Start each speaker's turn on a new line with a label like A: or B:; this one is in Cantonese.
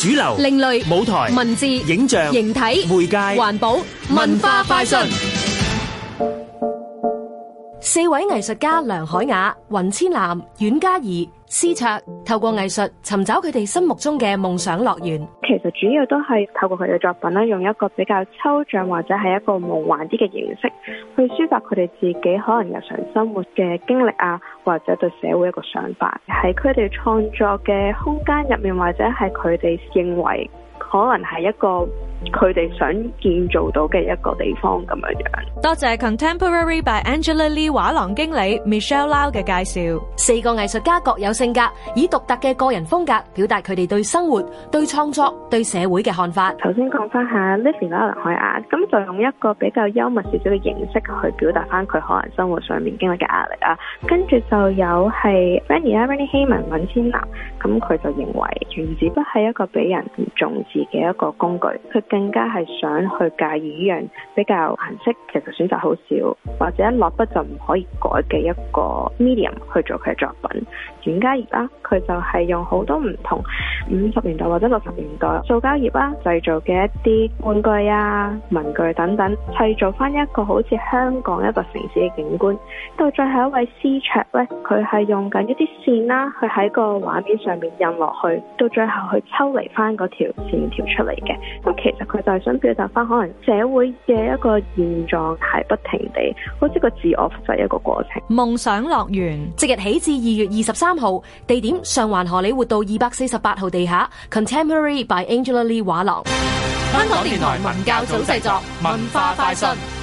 A: 主流，另類舞台、文字、影像、形體、
B: 媒介、環保、文化快訊。四位藝術家梁海雅、雲千南、阮嘉怡、施卓，透過藝術尋找佢哋心目中嘅
A: 夢想樂園。其實主要都係透過佢哋作品啦，用一個比較抽象或者係一個夢幻啲嘅形式，去抒發佢哋自己可能日常生活嘅經歷啊，或者對社會一個想法。喺佢哋創作嘅空間入面，或者係佢哋認為可能係一個。佢哋想建造到嘅一個地方咁樣樣。
B: 多謝 Contemporary by Angela Lee 畫廊經理 Michelle Lau 嘅介紹。四個藝術家各有性格，以獨特嘅個人風格表達佢哋對生
A: 活、對創作、對社會嘅看法。頭先講翻下 Livy Lau 林海晏，咁就用一個比較幽默少少嘅形式去表達翻佢可能生活上面經歷嘅壓力啊。跟住就有係 Rennie Rennie Hamon 尹千男，咁 佢樂就認為原子筆不係一個俾人重視嘅一個工具，更加係想去介意呢樣比較顏色，其實選擇好少，或者一落筆就唔可以改嘅一個 medium 去做佢嘅作品。軟膠葉啦，佢就係用好多唔同五十年代或者六十年代塑膠葉啦製造嘅一啲玩具啊、文具等等，係製造翻一個好似香港一個城市嘅景觀。到最後一位司卓咧，佢係用緊一啲線啦、啊，去喺個畫面上面印落去，到最後去抽離翻嗰條線條出嚟嘅。咁、嗯、其佢就係想表達翻，可能社會嘅一個現狀係不停地，好似個自我複製一個過程。
B: 夢想樂園即日起至二月二十三號，地點上環荷里活道二百四十八號地下 Contemporary by Angela Lee 畫廊。香港電台文教組製作文化快訊。